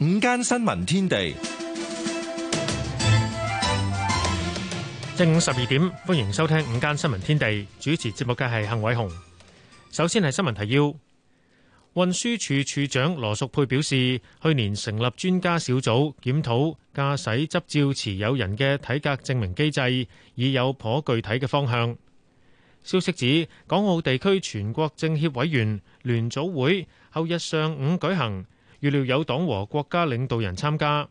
午間新聞天地，正午十二點，歡迎收聽午間新聞天地。主持節目嘅係幸偉雄。首先係新聞提要。運輸署署長羅淑佩表示，去年成立專家小組檢討駕駛執照持有人嘅體格證明機制，已有頗具體嘅方向。消息指，港澳地區全國政協委員聯組會後日上午舉行。預料有黨和國家領導人參加，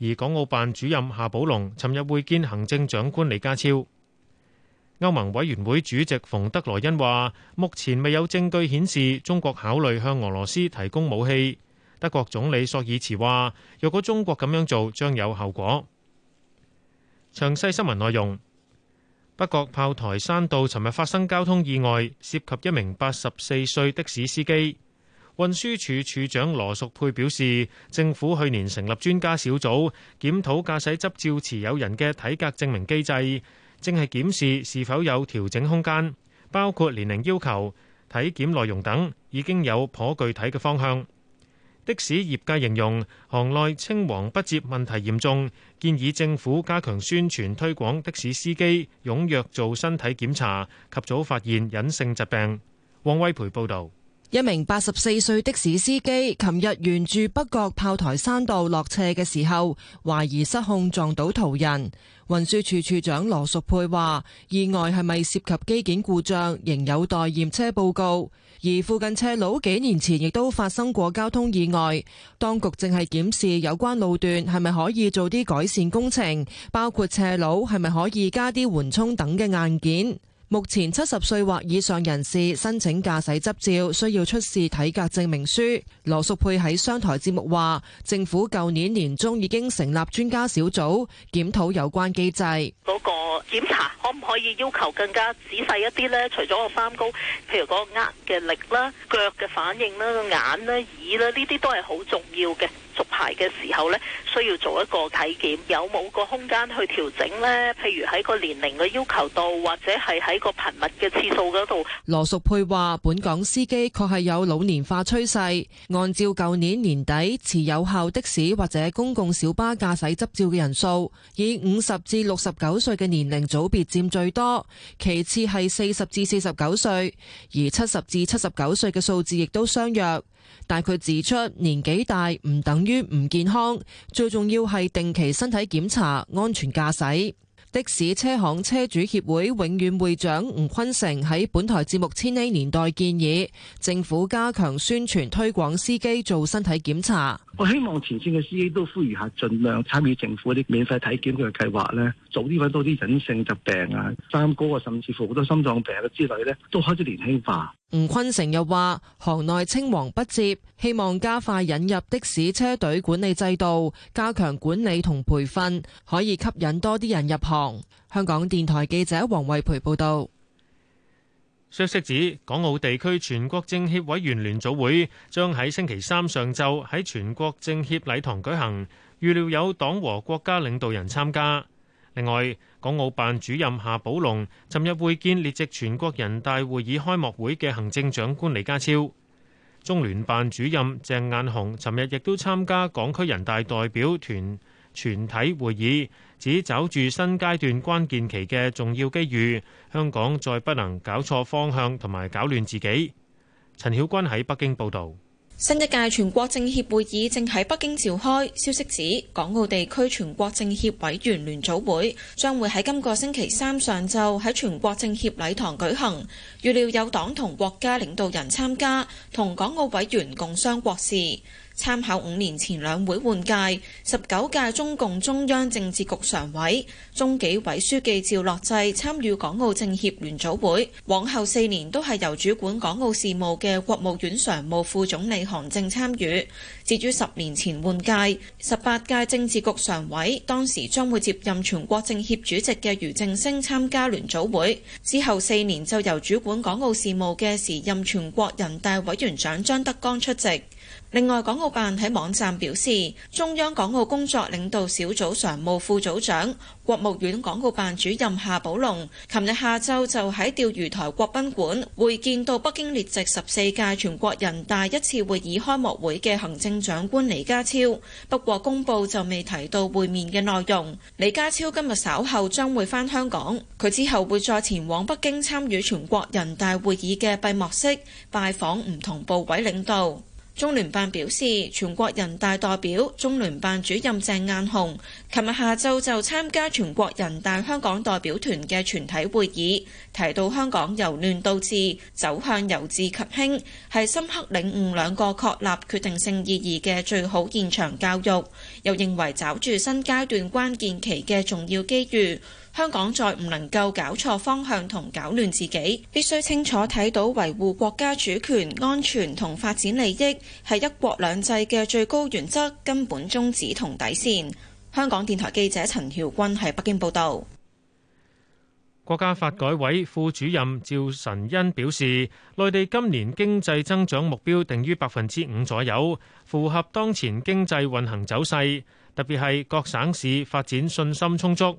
而港澳辦主任夏寶龍尋日會見行政長官李家超。歐盟委員會主席馮德萊恩話：目前未有證據顯示中國考慮向俄羅斯提供武器。德國總理索爾茨話：若果中國咁樣做，將有後果。詳細新聞內容。北角炮台山道尋日發生交通意外，涉及一名八十四歲的士司機。運輸署署長羅淑佩表示，政府去年成立專家小組檢討駕駛執照持有人嘅體格證明機制，正係檢視是否有調整空間，包括年齡要求、體檢內容等，已經有頗具體嘅方向。的士業界形容行內青黃不接問題嚴重，建議政府加強宣傳推廣的士司機踴躍做身體檢查，及早發現隱性疾病。王威培報導。一名八十四歲的士司機，琴日，沿住北角炮台山道落斜嘅時候，懷疑失控撞到途人。運輸處處長羅淑佩話，意外係咪涉及機件故障，仍有待驗車報告。而附近斜路幾年前亦都發生過交通意外，當局正係檢視有關路段係咪可以做啲改善工程，包括斜路係咪可以加啲緩衝等嘅硬件。目前七十歲或以上人士申請駕駛執照需要出示體格證明書。羅淑佩喺商台節目話，政府舊年年中已經成立專家小組檢討有關機制。嗰個檢查可唔可以要求更加仔細一啲呢？除咗個三高，譬如嗰個握嘅力啦、腳嘅反應啦、眼啦、耳啦，呢啲都係好重要嘅。續牌嘅時候呢，需要做一個體檢，有冇個空間去調整呢？譬如喺個年齡嘅要求度，或者係喺個頻密嘅次數嗰度。羅淑佩話，本港司機確係有老年化趨勢。按照舊年年底持有效的士或者公共小巴駕駛執照嘅人數，以五十至六十九歲嘅年齡組別占最多，其次係四十至四十九歲，而七十至七十九歲嘅數字亦都相若。但佢指出，年紀大唔等於唔健康，最重要係定期身體檢查、安全駕駛。的士車行車主協會永遠會長吳坤成喺本台節目《千禧年代》建議政府加強宣傳推廣司機做身體檢查。我希望前綫嘅司機都呼籲下，盡量參與政府啲免費體檢嘅計劃咧，早啲揾到啲隱性疾病啊、三高啊，甚至乎好多心臟病嘅之類咧，都開始年輕化。吳坤成又話，行內青黃不接，希望加快引入的士車隊管理制度，加強管理同培訓，可以吸引多啲人入行。香港電台記者黃慧培報道。消息指，港澳地區全國政協委員聯組會將喺星期三上晝喺全國政協禮堂舉行，預料有黨和國家領導人參加。另外，港澳辦主任夏寶龍尋日會見列席全國人大會議開幕會嘅行政長官李家超，中聯辦主任鄭雁雄尋日亦都參加港區人大代表團全體會議，指抓住新階段關鍵期嘅重要機遇，香港再不能搞錯方向，同埋搞亂自己。陳曉君喺北京報道。新一屆全國政協會議正喺北京召開，消息指，港澳地區全國政協委員聯組會將會喺今個星期三上晝喺全國政協禮堂舉行，預料有黨同國家領導人參加，同港澳委員共商國事。參考五年前兩會換屆，十九屆中共中央政治局常委、中紀委書記趙樂際參與港澳政協聯組會，往後四年都係由主管港澳事務嘅國務院常務副總理韓正參與。至於十年前換屆，十八屆政治局常委當時將會接任全國政協主席嘅俞正聲參加聯組會，之後四年就由主管港澳事務嘅時任全國人大委員長張德江出席。另外，港澳辦喺網站表示，中央港澳工作領導小組常務副組長國務院港澳辦主任夏寶龍琴日下晝就喺釣魚台國賓館會見到北京列席十四屆全國人大一次會議開幕會嘅行政長官李家超。不過公布就未提到會面嘅內容。李家超今日稍後將會翻香港，佢之後會再前往北京參與全國人大會議嘅閉幕式，拜訪唔同部委領導。中聯辦表示，全國人大代表、中聯辦主任鄭雁雄琴日下晝就參加全國人大香港代表團嘅全體會議，提到香港由亂到治走向由治及興，係深刻領悟兩個確立決定性意義嘅最好現場教育。又認為抓住新階段關鍵期嘅重要機遇。香港再唔能夠搞錯方向同搞亂自己，必須清楚睇到維護國家主權、安全同發展利益係一國兩制嘅最高原則、根本宗旨同底線。香港電台記者陳曉君喺北京報道。國家發改委副主任趙晨恩表示，內地今年經濟增長目標定於百分之五左右，符合當前經濟運行走勢，特別係各省市發展信心充足。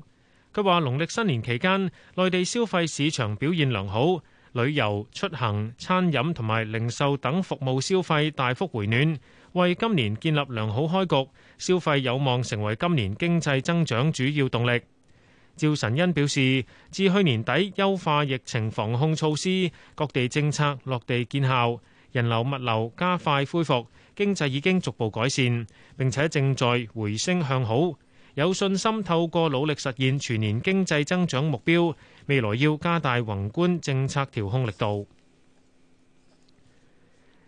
佢話：農曆新年期間，內地消費市場表現良好，旅遊、出行、餐飲同埋零售等服務消費大幅回暖，為今年建立良好開局。消費有望成為今年經濟增長主要動力。趙晨恩表示，至去年底優化疫情防控措施，各地政策落地見效，人流物流加快恢復，經濟已經逐步改善，並且正在回升向好。有信心透過努力實現全年經濟增長目標，未來要加大宏觀政策調控力度。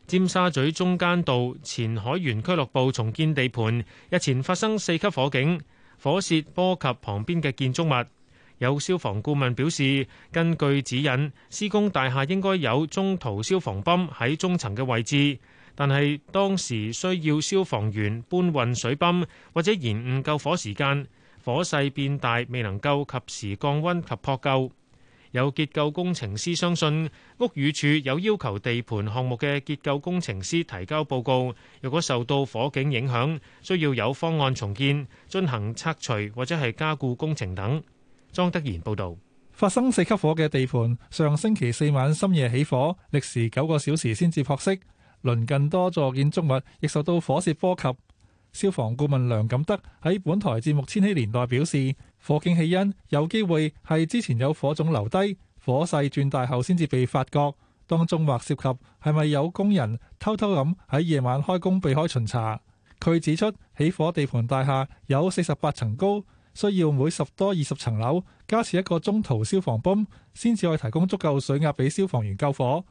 尖沙咀中間道前海員俱樂部重建地盤，日前發生四級火警，火舌波及旁邊嘅建築物。有消防顧問表示，根據指引，施工大廈應該有中途消防泵喺中層嘅位置。但係當時需要消防員搬運水泵，或者延誤救火時間，火勢變大，未能夠及時降溫及撲救。有結構工程師相信屋宇署有要求地盤項目嘅結構工程師提交報告。若果受到火警影響，需要有方案重建、進行拆除或者係加固工程等。莊德賢報導。發生四級火嘅地盤，上星期四晚深夜起火，歷時九個小時先至撲熄。鄰近多座建築物亦受到火勢波及，消防顧問梁錦德喺本台節目《千禧年代》表示，火警起因有機會係之前有火種留低，火勢轉大後先至被發覺。當中或涉及係咪有工人偷偷咁喺夜晚開工避開巡查？佢指出，起火地盤大廈有四十八層高，需要每十多二十層樓加設一個中途消防泵，先至可以提供足夠水壓俾消防員救火。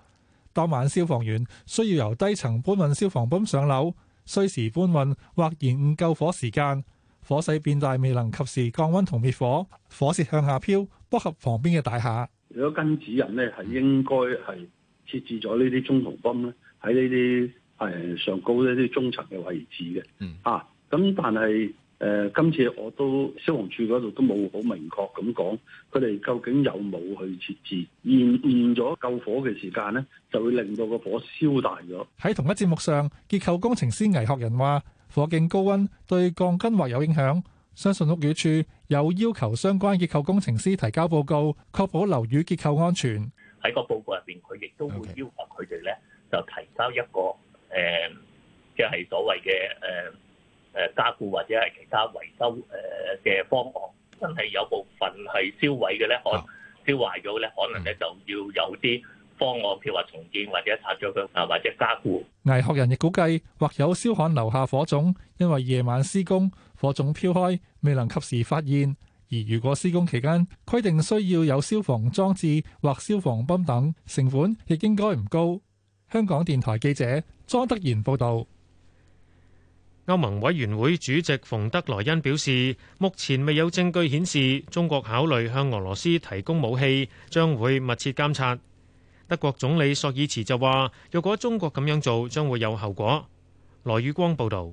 當晚消防員需要由低層搬運消防泵上樓，需時搬運或延誤救火時間，火勢變大未能及時降溫同滅火，火舌向下飄，波及旁邊嘅大廈。如果跟指引呢，係應該係設置咗呢啲中途泵咧喺呢啲誒上高呢啲中層嘅位置嘅，嗯啊，咁但係。誒，今次我都消防處嗰度都冇好明確咁講，佢哋究竟有冇去設置延誤咗救火嘅時間咧，就會令到個火燒大咗。喺同一節目上，結構工程師危學仁話：火警高溫對鋼筋或有影響。相信屋宇署有要求相關結構工程師提交報告，確保樓宇結構安全。喺個報告入邊，佢亦都會要求佢哋咧，就提交一個誒，即係所謂嘅誒。誒加固或者係其他維修誒嘅方案，真係有部分係燒毀嘅咧，可能燒壞咗咧，可能咧就要有啲方案譬如話重建或者拆咗佢啊，或者加固。危學人亦估計或有燒焊留下火種，因為夜晚施工火種飄開，未能及時發現。而如果施工期間規定需要有消防裝置或消防泵等，成本亦應該唔高。香港電台記者莊德賢報導。歐盟委員會主席馮德萊恩表示，目前未有證據顯示中國考慮向俄羅斯提供武器，將會密切監察。德國總理索爾茨就話：若果中國咁樣做，將會有後果。羅宇光報導。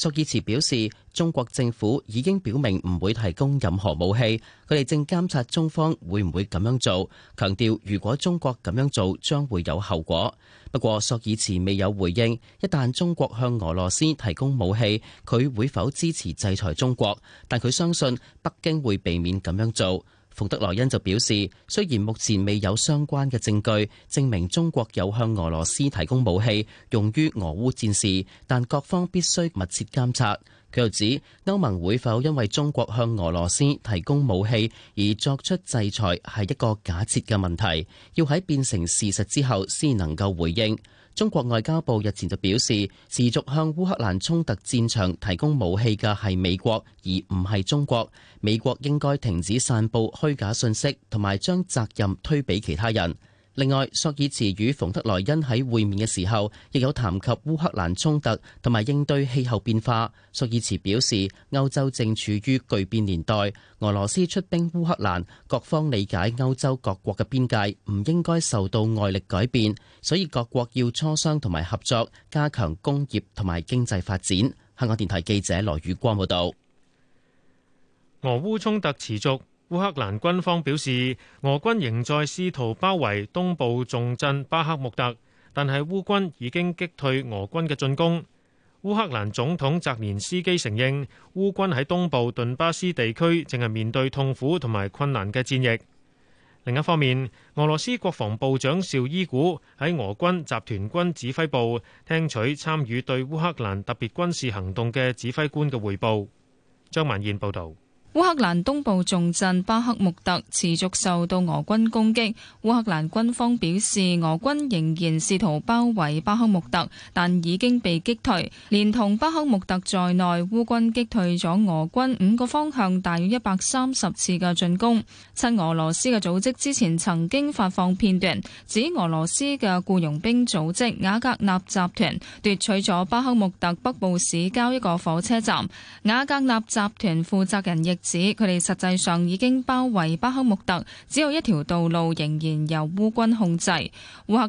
索爾茨表示，中國政府已經表明唔會提供任何武器，佢哋正監察中方會唔會咁樣做，強調如果中國咁樣做，將會有後果。不過，索爾茨未有回應，一旦中國向俄羅斯提供武器，佢會否支持制裁中國，但佢相信北京會避免咁樣做。馮德萊恩就表示，雖然目前未有相關嘅證據證明中國有向俄羅斯提供武器用於俄烏戰事，但各方必須密切監察。佢又指，歐盟會否因為中國向俄羅斯提供武器而作出制裁，係一個假設嘅問題，要喺變成事實之後先能夠回應。中國外交部日前就表示，持續向烏克蘭衝突戰場提供武器嘅係美國，而唔係中國。美國應該停止散布虛假信息，同埋將責任推俾其他人。另外，索爾茨與馮德萊恩喺會面嘅時候，亦有談及烏克蘭衝突同埋應對氣候變化。索爾茨表示，歐洲正處於巨變年代，俄羅斯出兵烏克蘭，各方理解歐洲各國嘅邊界唔應該受到外力改變，所以各國要磋商同埋合作，加強工業同埋經濟發展。香港電台記者羅宇光報道，俄烏衝突持續。烏克蘭軍方表示，俄軍仍在試圖包圍東部重鎮巴赫穆特，但係烏軍已經擊退俄軍嘅進攻。烏克蘭總統澤連斯基承認，烏軍喺東部頓巴斯地區正係面對痛苦同埋困難嘅戰役。另一方面，俄羅斯國防部長紹伊古喺俄軍集團軍指揮部聽取參與對烏克蘭特別軍事行動嘅指揮官嘅匯報。張曼燕報道。烏克蘭東部重鎮巴克穆特持續受到俄軍攻擊。烏克蘭軍方表示，俄軍仍然試圖包圍巴克穆特，但已經被擊退。連同巴克穆特在內，烏軍擊退咗俄軍五個方向大約一百三十次嘅進攻。親俄羅斯嘅組織之前曾經發放片段，指俄羅斯嘅僱傭兵組織瓦格納集團奪取咗巴克穆特北部市郊一個火車站。瓦格納集團負責人亦。指佢哋實際上已經包圍巴克穆特，只有一條道路仍然由烏軍控制。烏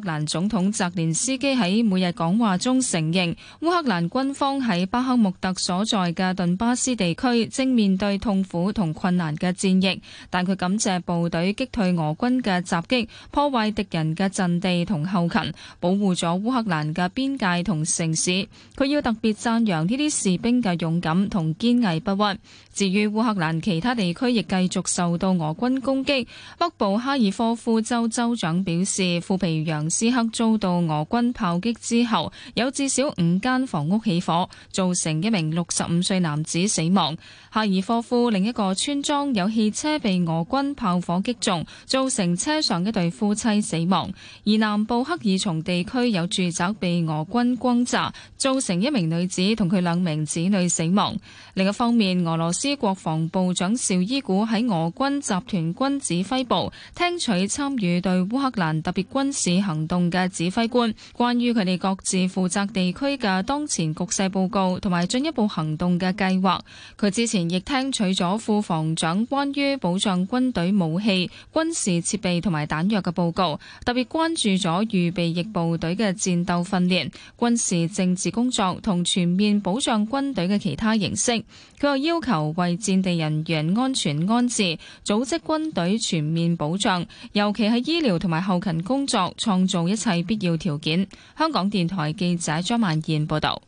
克蘭總統澤連斯基喺每日講話中承認，烏克蘭軍方喺巴克穆特所在嘅頓巴斯地區正面對痛苦同困難嘅戰役。但佢感謝部隊擊退俄軍嘅襲擊，破壞敵人嘅陣地同後勤，保護咗烏克蘭嘅邊界同城市。佢要特別讚揚呢啲士兵嘅勇敢同堅毅不屈。至於烏克蘭。南其他地區亦繼續受到俄軍攻擊。北部哈爾科夫州州長表示，庫皮揚斯克遭到俄軍炮擊之後，有至少五間房屋起火，造成一名六十五歲男子死亡。哈爾科夫另一個村莊有汽車被俄軍炮火擊中，造成車上一對夫妻死亡。而南部赫爾松地區有住宅被俄軍轟炸，造成一名女子同佢兩名子女死亡。另一方面，俄羅斯國防。部長邵伊古喺俄軍集團軍指揮部聽取參與對烏克蘭特別軍事行動嘅指揮官關於佢哋各自負責地區嘅當前局勢報告同埋進一步行動嘅計劃。佢之前亦聽取咗副防長關於保障軍隊武器、軍事設備同埋彈藥嘅報告，特別關注咗預備役部隊嘅戰鬥訓練、軍事政治工作同全面保障軍隊嘅其他形式。佢又要求為戰地。人員安全安置，組織軍隊全面保障，尤其係醫療同埋後勤工作，創造一切必要條件。香港電台記者張萬燕報道。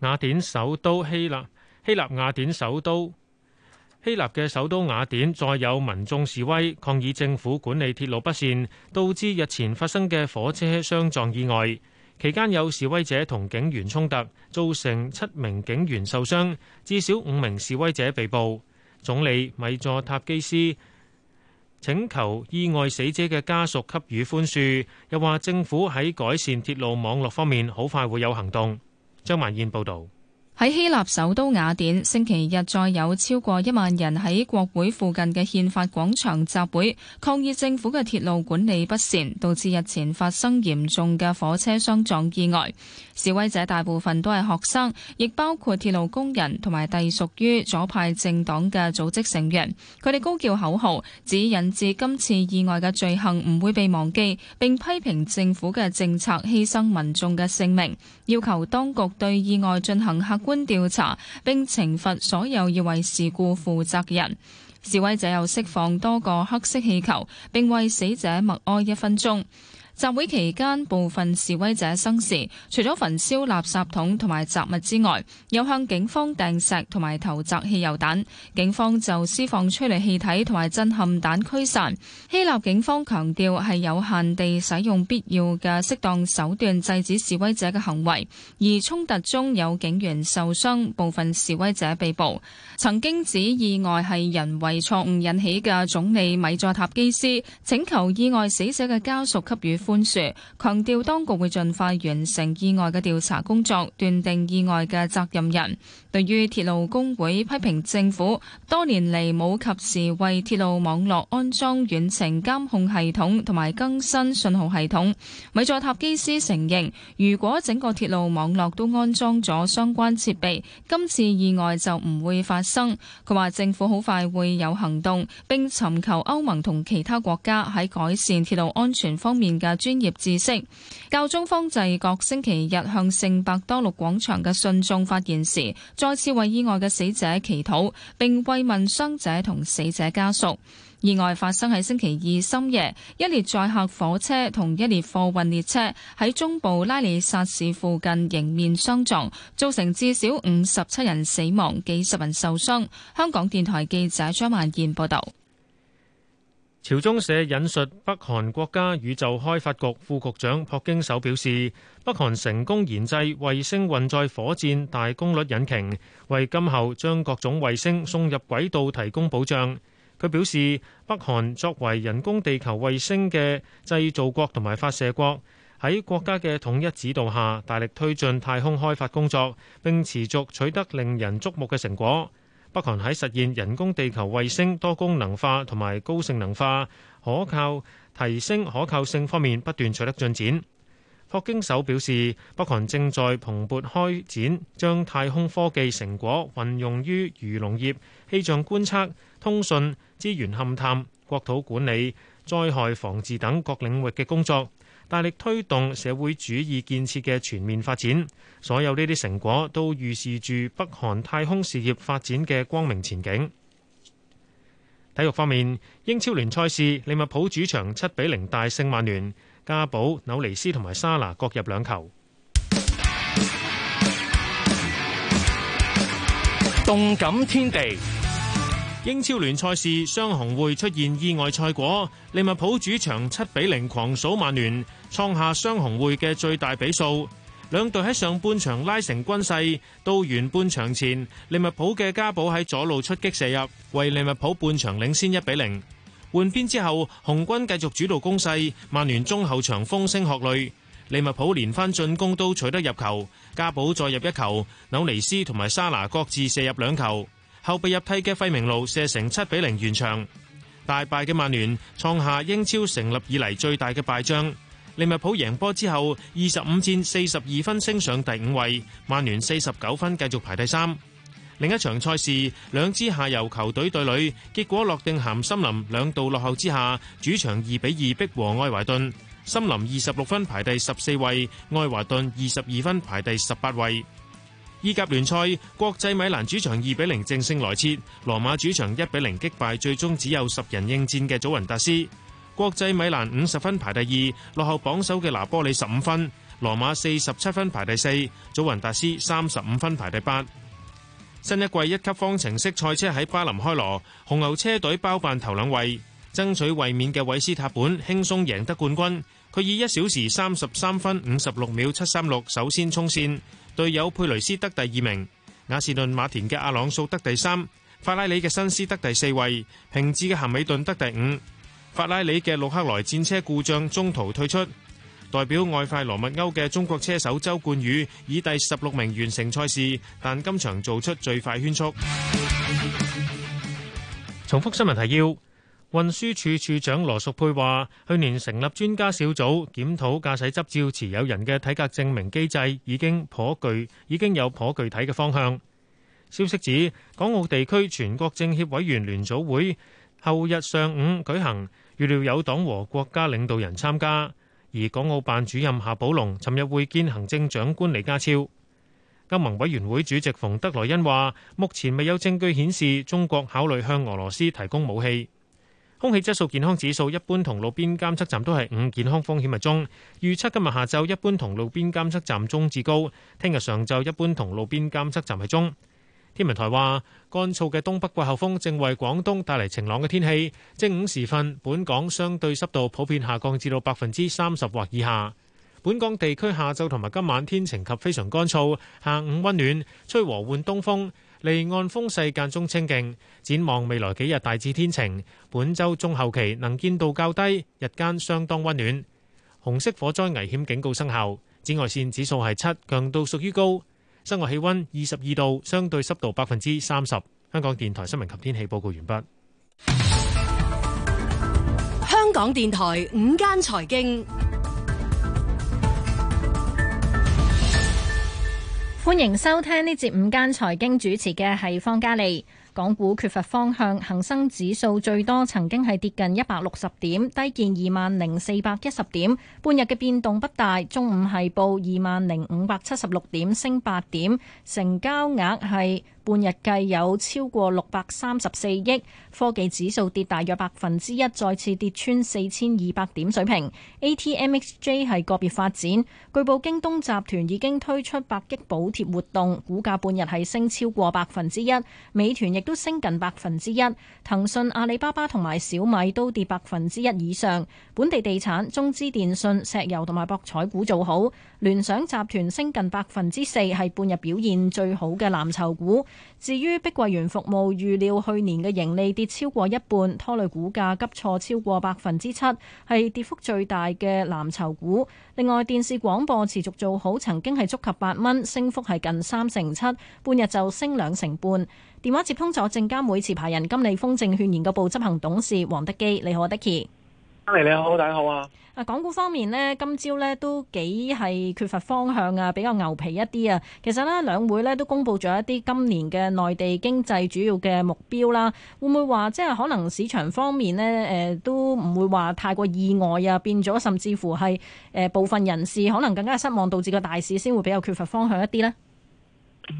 雅典首都希臘，希臘雅典首都，希臘嘅首都雅典再有民眾示威，抗議政府管理鐵路不善，導致日前發生嘅火車相撞意外。期間有示威者同警員衝突，造成七名警員受傷，至少五名示威者被捕。總理米佐塔基斯請求意外死者嘅家屬給予寬恕，又話政府喺改善鐵路網絡方面好快會有行動。張曼燕報導。喺希臘首都雅典，星期日再有超過一萬人喺國會附近嘅憲法廣場集會，抗議政府嘅鐵路管理不善，導致日前發生嚴重嘅火車相撞意外。示威者大部分都係學生，亦包括鐵路工人同埋隸屬於左派政黨嘅組織成員，佢哋高叫口號，指引致今次意外嘅罪行唔會被忘記，並批評政府嘅政策犧牲民眾嘅性命，要求當局對意外進行客觀，調查並懲罰所有要為事故負責人。示威者又釋放多個黑色氣球，並為死者默哀一分鐘。集會期間，部分示威者生事，除咗焚燒垃圾桶同埋雜物之外，又向警方掟石同埋投擲汽油彈。警方就施放催淚氣體同埋震撼彈驅散。希臘警方強調係有限地使用必要嘅適當手段制止示威者嘅行為。而衝突中有警員受傷，部分示威者被捕。曾經指意外係人為錯誤引起嘅總理米佐塔基斯請求意外死者嘅家屬給予寬恕，強調當局會盡快完成意外嘅調查工作，斷定意外嘅責任人。對於鐵路工會批評政府多年嚟冇及時為鐵路網絡安裝遠程監控系統同埋更新信號系統，米佐塔基斯承認，如果整個鐵路網絡都安裝咗相關設備，今次意外就唔會發生。佢話政府好快會有行動，並尋求歐盟同其他國家喺改善鐵路安全方面嘅專業知識。教宗方濟各星期日向聖伯多祿廣場嘅信眾發言時，再次為意外嘅死者祈禱，並慰問傷者同死者家屬。意外發生喺星期二深夜，一列載客火車同一列貨運列車喺中部拉里薩市附近迎面相撞，造成至少五十七人死亡、幾十人受傷。香港電台記者張萬燕報道。朝中社引述北韓國家宇宙開發局副局長朴京首表示，北韓成功研製衛星運載火箭大功率引擎，為今後將各種衛星送入軌道提供保障。佢表示，北韓作為人工地球衛星嘅製造國同埋發射國，喺國家嘅統一指導下，大力推進太空開發工作，並持續取得令人矚目嘅成果。北韓喺實現人工地球衛星多功能化同埋高性能化、可靠提升可靠性方面不斷取得進展。霍京首表示，北韓正在蓬勃開展將太空科技成果運用於漁農業、氣象觀測、通訊、資源勘探、國土管理、災害防治等各領域嘅工作。大力推動社會主義建設嘅全面發展，所有呢啲成果都預示住北韓太空事業發展嘅光明前景。體育方面，英超聯賽事利物浦主場七比零大勝曼聯，加寶、紐尼斯同埋沙拿各入兩球。動感天地，英超聯賽事雙紅會出現意外賽果，利物浦主場七比零狂掃曼聯。創下雙紅會嘅最大比數，兩隊喺上半場拉成均勢，到完半場前，利物浦嘅加寶喺左路出擊射入，為利物浦半場領先一比零。換邊之後，紅軍繼續主導攻勢，曼聯中後場風聲鶴唳，利物浦連番進攻都取得入球，加寶再入一球，紐尼斯同埋沙拿各自射入兩球，後備入替嘅費明路射成七比零完場，大敗嘅曼聯創下英超成立以嚟最大嘅敗仗。利物浦贏波之後，二十五戰四十二分，升上第五位。曼聯四十九分，繼續排第三。另一場賽事，兩支下游球隊對壘，結果諾定咸森林兩度落後之下，主場二比二逼和愛華頓。森林二十六分排第十四位，愛華頓二十二分排第十八位。意甲聯賽，國際米蘭主場二比零正勝萊切，羅馬主場一比零擊敗最終只有十人應戰嘅祖雲達斯。國際米蘭五十分排第二，落後榜首嘅拿波里十五分；羅馬四十七分排第四，祖雲達斯三十五分排第八。新一季一級方程式賽車喺巴林開鑼，紅牛車隊包辦頭兩位，爭取衛冕嘅韋斯塔本輕鬆贏得冠軍。佢以一小時三十三分五十六秒七三六首先衝線，隊友佩雷斯得第二名，亞士頓馬田嘅阿朗素得第三，法拉利嘅辛斯得第四位，平治嘅咸美頓得第五。法拉利嘅洛克萊戰車故障中途退出，代表外快羅密歐嘅中國車手周冠宇以第十六名完成賽事，但今場做出最快圈速。重複新聞提要：運輸處處長羅淑佩話，去年成立專家小組檢討駕駛執照持有人嘅體格證明機制已，已經頗具已經有頗具體嘅方向。消息指，港澳地區全國政協委員聯組會後日上午舉行。預料有黨和國家領導人參加，而港澳辦主任夏寶龍尋日會見行政長官李家超。歐盟委員會主席馮德萊恩話，目前未有證據顯示中國考慮向俄羅斯提供武器。空氣質素健康指數一般同路邊監測站都係五健康風險係中，預測今日下晝一般同路邊監測站中至高，聽日上晝一般同路邊監測站係中。天文台話，乾燥嘅東北季候風正為廣東帶嚟晴朗嘅天氣。正午時分，本港相對濕度普遍下降至到百分之三十或以下。本港地區下晝同埋今晚天晴及非常乾燥，下午溫暖，吹和緩東風，離岸風勢間中清勁。展望未來幾日大致天晴，本週中後期能見度較低，日間相當溫暖。紅色火災危險警告生效，紫外線指數係七，強度屬於高。室外氣溫二十二度，相對濕度百分之三十。香港電台新聞及天氣報告完畢。香港電台午間財經，歡迎收聽呢節午間財經主持嘅係方嘉莉。港股缺乏方向，恒生指數最多曾經係跌近一百六十點，低見二萬零四百一十點，半日嘅變動不大，中午係報二萬零五百七十六點，升八點，成交額係。半日計有超過六百三十四億，科技指數跌大約百分之一，再次跌穿四千二百點水平。ATMXJ 係個別發展，據報京東集團已經推出百億補貼活動，股價半日係升超過百分之一。美團亦都升近百分之一，騰訊、阿里巴巴同埋小米都跌百分之一以上。本地地產、中資電信、石油同埋博彩股做好，聯想集團升近百分之四，係半日表現最好嘅藍籌股。至於碧桂園服務預料去年嘅盈利跌超過一半，拖累股價急挫超過百分之七，係跌幅最大嘅藍籌股。另外，電視廣播持續做好，曾經係觸及八蚊，升幅係近三成七，半日就升兩成半。電話接通咗證監會持牌人金利豐證券研究部執行董事黃德基，你好，德基。嚟，你好，大家好啊！啊，港股方面呢，今朝呢都幾係缺乏方向啊，比較牛皮一啲啊。其實呢，兩會呢都公布咗一啲今年嘅內地經濟主要嘅目標啦。會唔會話即係可能市場方面呢，誒，都唔會話太過意外啊？變咗，甚至乎係誒部分人士可能更加失望，導致個大市先會比較缺乏方向一啲呢？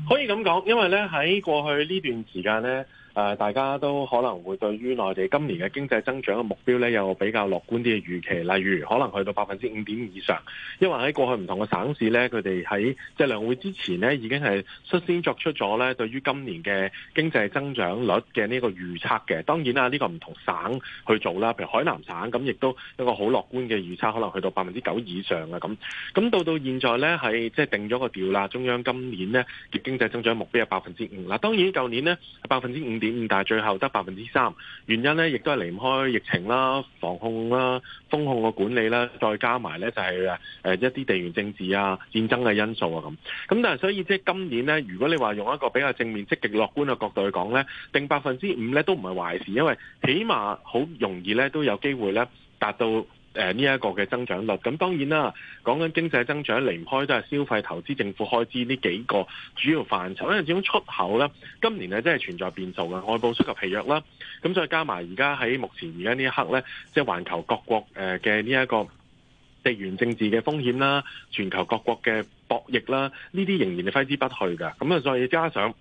可以咁講，因為呢喺過去呢段時間呢。誒、呃，大家都可能會對於內地今年嘅經濟增長嘅目標咧，有比較樂觀啲嘅預期，例如可能去到百分之五點以上。因為喺過去唔同嘅省市咧，佢哋喺兩會之前咧，已經係率先作出咗咧對於今年嘅經濟增長率嘅呢個預測嘅。當然啦，呢、這個唔同省去做啦，譬如海南省咁，亦都一個好樂觀嘅預測，可能去到百分之九以上啊。咁咁到到現在咧，係即係定咗個調啦。中央今年咧嘅經濟增長目標係百分之五。嗱，當然舊年呢，百分之五點五但係最後得百分之三，原因咧亦都係離唔開疫情啦、防控啦、風控嘅管理啦，再加埋咧就係誒誒一啲地緣政治啊、戰爭嘅因素啊咁。咁但係所以即係今年咧，如果你話用一個比較正面、積極、樂觀嘅角度去講咧，定百分之五咧都唔係壞事，因為起碼好容易咧都有機會咧達到。誒呢一個嘅增長率，咁當然啦，講緊經濟增長離唔開都係消費、投資、政府開支呢幾個主要範疇。因為始終出口咧，今年咧真係存在變數嘅，外部需求疲弱啦。咁再加埋而家喺目前而家呢一刻呢，即係環球各國誒嘅呢一個地緣政治嘅風險啦，全球各國嘅博弈啦，呢啲仍然係揮之不去嘅。咁啊，再以加上。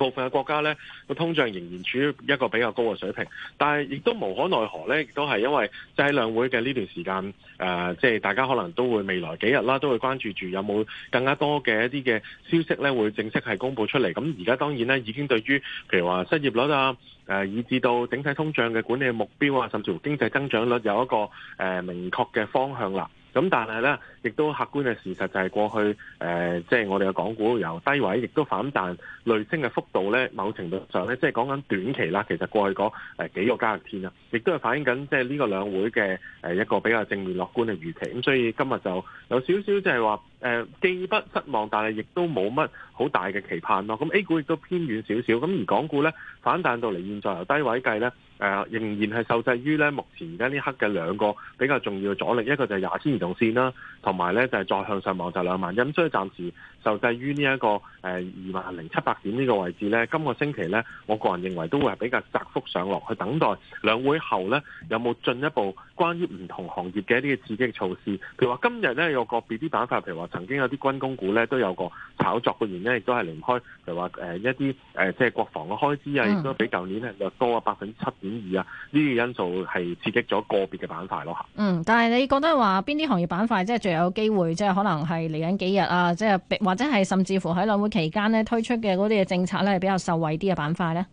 部分嘅國家呢個通脹仍然處於一個比較高嘅水平，但係亦都無可奈何呢，亦都係因為就喺兩會嘅呢段時間，誒、呃，即係大家可能都會未來幾日啦，都會關注住有冇更加多嘅一啲嘅消息呢，會正式係公布出嚟。咁而家當然呢，已經對於譬如話失業率啊，誒、呃，以至到整體通脹嘅管理目標啊，甚至乎經濟增長率有一個誒、呃，明確嘅方向啦。咁但係咧，亦都客觀嘅事實就係過去誒，即係我哋嘅港股由低位亦都反彈，累升嘅幅度咧，某程度上咧，即係講緊短期啦。其實過去嗰誒幾個交易天啦，亦都係反映緊即係呢個兩會嘅誒一個比較正面樂觀嘅預期。咁所以今日就有少少就係話。誒既、呃、不失望，但係亦都冇乜好大嘅期盼咯。咁 A 股亦都偏遠少少，咁而港股咧反彈到嚟現在由低位計咧，誒、呃、仍然係受制於咧目前而家呢刻嘅兩個比較重要嘅阻力，一個就係廿千移動線啦，同埋咧就係、是、再向上望就兩萬一。咁所以暫時。受制於呢一個誒二萬零七百點呢個位置咧，今個星期咧，我個人認為都會係比較窄幅上落，去等待兩會後咧有冇進一步關於唔同行業嘅一啲刺激措施。譬如話今日咧有個別啲板塊，譬如話曾經有啲軍工股咧都有個炒作嘅原因，亦都係離唔開，譬如話誒一啲誒、呃、即係國防嘅開支啊，亦都比舊年咧略多啊百分之七點二啊，呢個因素係刺激咗個別嘅板塊咯嚇。嗯，但係你覺得話邊啲行業板塊即係最有機會，即係可能係嚟緊幾日啊，即係？或者係甚至乎喺兩會期間咧推出嘅嗰啲嘅政策呢，係比較受惠啲嘅板塊呢。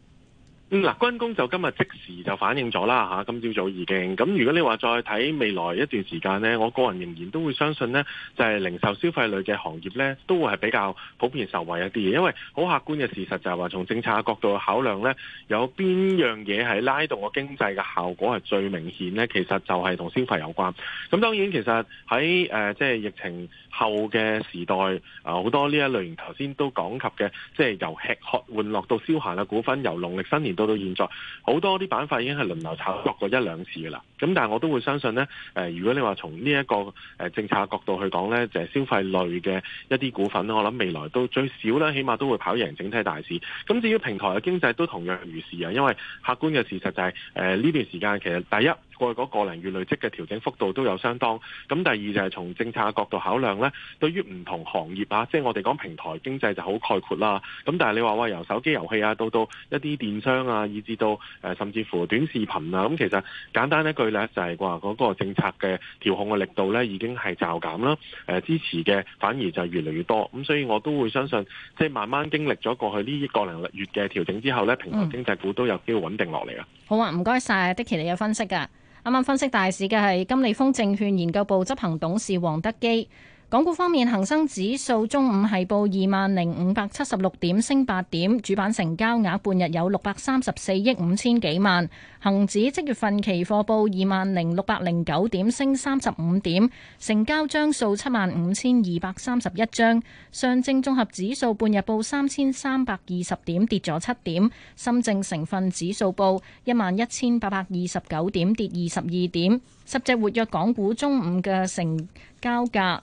嗯嗱，軍工就今日即時就反映咗啦嚇，今朝早已經。咁如果你話再睇未來一段時間呢，我個人仍然都會相信呢，就係、是、零售消費類嘅行業呢，都會係比較普遍受惠一啲嘅。因為好客觀嘅事實就係話，從政策嘅角度去考量呢，有邊樣嘢係拉動個經濟嘅效果係最明顯呢？其實就係同消費有關。咁當然其實喺誒、呃、即係疫情。後嘅時代啊，好、呃、多呢一類型頭先都講及嘅，即係由吃喝玩樂到消閒啊，股份由農曆新年到到現在，好多啲板塊已經係輪流炒作過一兩次噶啦。咁、嗯、但係我都會相信呢，誒、呃，如果你話從呢、這、一個誒、呃、政策角度去講呢，就係、是、消費類嘅一啲股份，我諗未來都最少呢，起碼都會跑贏整體大市。咁、嗯、至於平台嘅經濟都同樣如是啊，因為客觀嘅事實就係誒呢段時間其實第一。過去嗰個零月累積嘅調整幅度都有相當。咁第二就係從政策嘅角度考量咧，對於唔同行業啊，即係我哋講平台經濟就好概括啦。咁但係你話話由手機遊戲啊，到到一啲電商啊，以至到誒甚至乎短視頻啊，咁其實簡單一句咧就係話嗰個政策嘅調控嘅力度咧已經係驟減啦。誒支持嘅反而就係越嚟越多。咁所以我都會相信，即係慢慢經歷咗過去呢啲個零月嘅調整之後咧，平台經濟股都有機會穩定落嚟啊。好啊，唔該晒，的確你有分析㗎。啱啱分析大市嘅係金利豐證券研究部執行董事黃德基。港股方面，恒生指數中午係報二萬零五百七十六點，升八點，主板成交額半日有六百三十四億五千幾萬。恒指即月份期貨報二萬零六百零九點，升三十五點，成交張數七萬五千二百三十一張。上證綜合指數半日報三千三百二十點，跌咗七點。深證成分指數報一萬一千八百二十九點，跌二十二點。十隻活躍港股中午嘅成交價。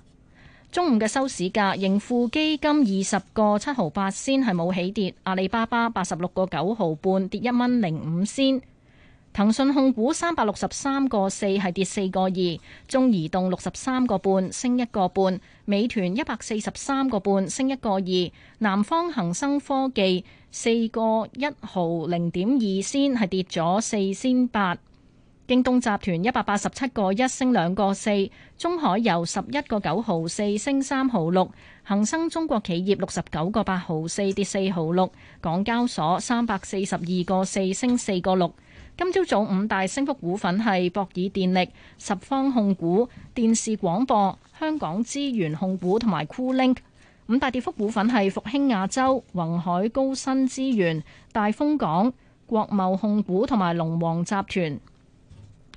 中午嘅收市價，盈富基金二十個七毫八仙係冇起跌。阿里巴巴八十六個九毫半跌一蚊零五仙。騰訊控股三百六十三個四係跌四個二。中移動六十三個半升一個半。美團一百四十三個半升一個二。南方恒生科技四個一毫零點二仙係跌咗四仙八。京東集團一百八十七個一升兩個四，中海油十一個九毫四升三毫六，恒生中國企業六十九個八毫四跌四毫六，港交所三百四十二個四升四個六。今朝早，早五大升幅股份係博爾電力、十方控股、電視廣播、香港資源控股同埋 Coolink。五大跌幅股份係復興亞洲、宏海高新資源、大豐港、國貿控股同埋龍王集團。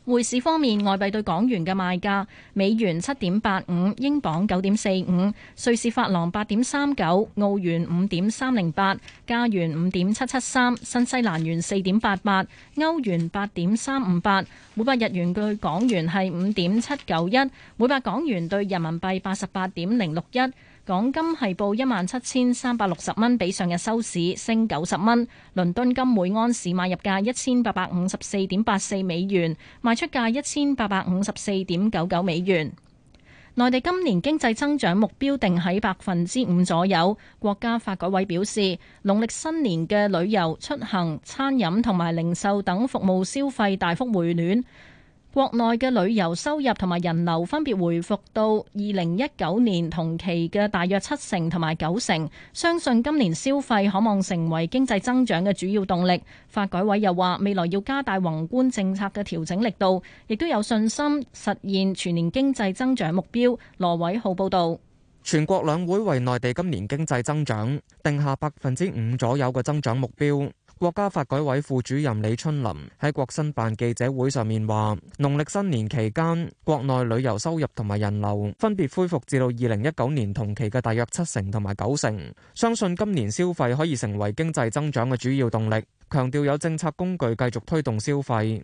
匯市方面，外幣對港元嘅賣價：美元七點八五，英鎊九點四五，瑞士法郎八點三九，澳元五點三零八，加元五點七七三，新西蘭元四點八八，歐元八點三五八，每百日元對港元係五點七九一，每百港元對人民幣八十八點零六一。港金係報一萬七千三百六十蚊，比上日收市升九十蚊。倫敦金每安士買入價一千八百五十四點八四美元，賣出價一千八百五十四點九九美元。內地今年經濟增長目標定喺百分之五左右。國家發改委表示，農曆新年嘅旅遊、出行、餐飲同埋零售等服務消費大幅回暖。國內嘅旅遊收入同埋人流分別回復到二零一九年同期嘅大約七成同埋九成，相信今年消費可望成為經濟增長嘅主要動力。發改委又話，未來要加大宏觀政策嘅調整力度，亦都有信心實現全年經濟增長目標。羅偉浩報道。全國兩會為內地今年經濟增長定下百分之五左右嘅增長目標。國家發改委副主任李春林喺國新辦記者會上面話：農曆新年期間，國內旅遊收入同埋人流分別恢復至到二零一九年同期嘅大約七成同埋九成，相信今年消費可以成為經濟增長嘅主要動力。強調有政策工具繼續推動消費。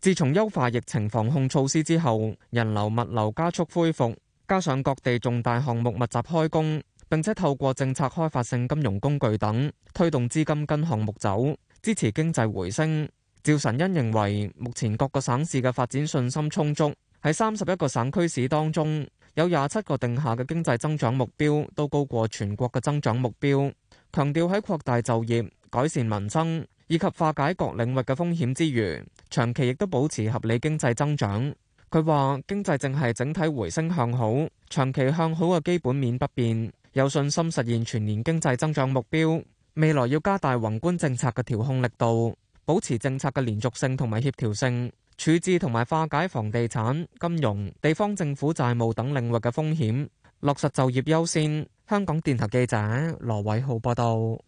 自從優化疫情防控措施之後，人流物流加速恢復，加上各地重大項目密集開工，並且透過政策開發性金融工具等推動資金跟項目走，支持經濟回升。趙晨恩認為目前各個省市嘅發展信心充足，喺三十一個省區市當中有廿七個定下嘅經濟增長目標都高過全國嘅增長目標，強調喺擴大就業改善民生。以及化解各領域嘅風險之餘，長期亦都保持合理經濟增長，佢話經濟正係整體回升向好，長期向好嘅基本面不變，有信心實現全年經濟增長目標，未來要加大宏觀政策嘅調控力度，保持政策嘅連續性同埋協調性，處置同埋化解房地產、金融、地方政府債務等領域嘅風險，落實就業優先。香港電台記者羅偉浩報道。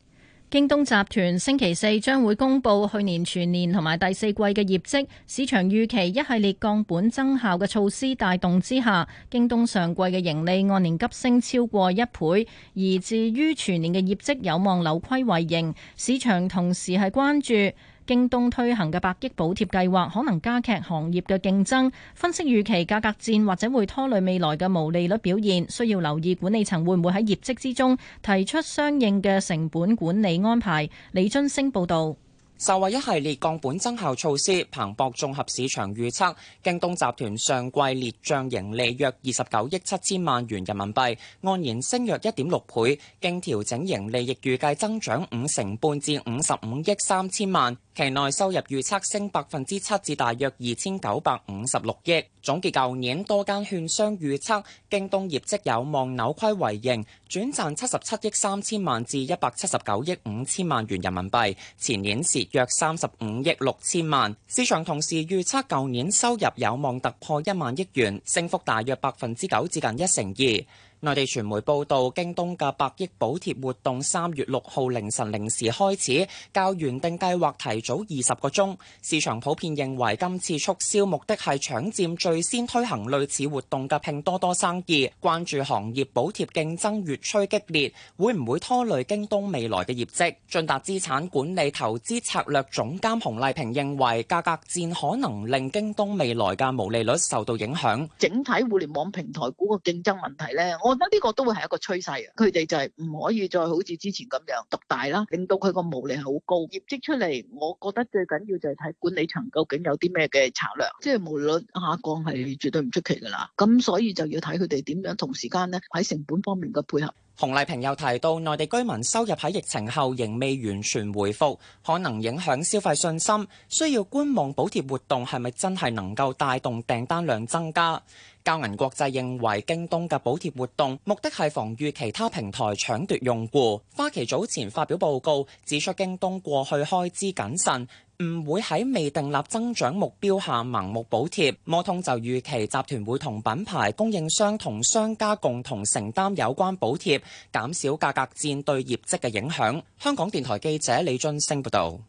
京東集團星期四將會公布去年全年同埋第四季嘅業績，市場預期，一系列降本增效嘅措施帶動之下，京東上季嘅盈利按年急升超過一倍，而至於全年嘅業績有望扭虧為盈，市場同時係關注。京東推行嘅百億補貼計劃可能加劇行業嘅競爭，分析預期價格戰或者會拖累未來嘅毛利率表現。需要留意管理層會唔會喺業績之中提出相應嘅成本管理安排。李津升報道。受惠一系列降本增效措施，彭博綜合市場預測，京東集團上季列賬盈利約二十九億七千萬元人民幣，按年升約一點六倍，經調整盈利亦預計增長五成半至五十五億三千萬。期內收入預測升百分之七，至大約二千九百五十六億。總結舊年多間券商預測，京東業績有望扭虧為盈，轉賺七十七億三千萬至一百七十九億五千萬元人民幣，前年蝕約三十五億六千萬。市場同時預測舊年收入有望突破一萬億元，升幅大約百分之九至近一成二。內地傳媒報道，京東嘅百億補貼活動三月六號凌晨零時開始，較原定計劃提早二十個鐘。市場普遍認為今次促銷目的係搶佔最先推行類似活動嘅拼多多生意。關注行業補貼競爭越趨激烈，會唔會拖累京東未來嘅業績？進達資產管理投資策略總監洪麗萍認為，價格戰可能令京東未來嘅毛利率受到影響。整體互聯網平台股嘅競爭問題呢？我覺得呢個都會係一個趨勢，佢哋就係唔可以再好似之前咁樣獨大啦，令到佢個毛利好高，業績出嚟，我覺得最緊要就係睇管理層究竟有啲咩嘅策略，即係毛利下降係絕對唔出奇㗎啦。咁所以就要睇佢哋點樣同時間咧喺成本方面嘅配合。洪麗萍又提到，內地居民收入喺疫情後仍未完全回復，可能影響消費信心，需要觀望補貼活動係咪真係能夠帶動訂單量增加。交銀國際認為京東嘅補貼活動目的係防禦其他平台搶奪用戶。花旗早前發表報告指出，京東過去開支謹慎，唔會喺未訂立增長目標下盲目補貼。摩通就預期集團會同品牌供應商同商家共同承擔有關補貼，減少價格戰對業績嘅影響。香港電台記者李津升報道。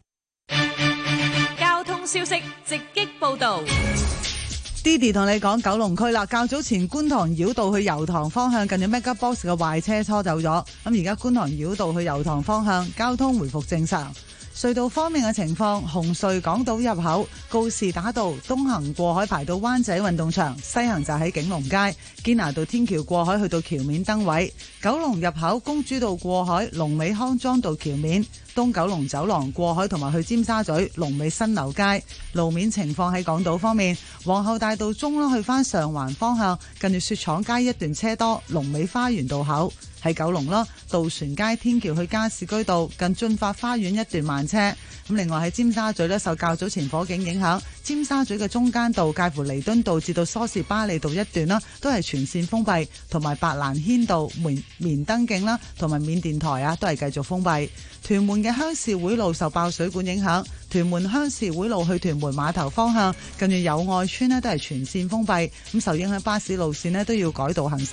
交通消息直擊報道。Didi 同你講九龍區啦，較早前觀塘繞道去油塘方向近住 MegaBox 嘅壞車拖走咗，咁而家觀塘繞道去油塘方向交通回復正常。隧道方面嘅情況，紅隧港島入口告士打道東行過海排到灣仔運動場，西行就喺景隆街堅拿道天橋過海去到橋面燈位，九龍入口公主道過海龍尾康莊道橋面。東九龍走廊過海同埋去尖沙咀龍尾新樓街路面情況喺港島方面，皇后大道中啦去翻上環方向，近住雪廠街一段車多，龍尾花園道口喺九龍啦，渡船街天橋去加士居道近駿發花園一段慢車。咁另外喺尖沙咀呢，受較早前火警影響，尖沙咀嘅中間道介乎彌敦道至到梳士巴利道一段啦，都係全線封閉，同埋白蘭軒道、棉棉登徑啦，同埋緬甸台啊，都係繼續封閉，屯門。嘅鄉事會路受爆水管影響，屯門鄉事會路去屯門碼頭方向，近住友愛村咧都係全綫封閉，咁受影響巴士路綫咧都要改道行駛。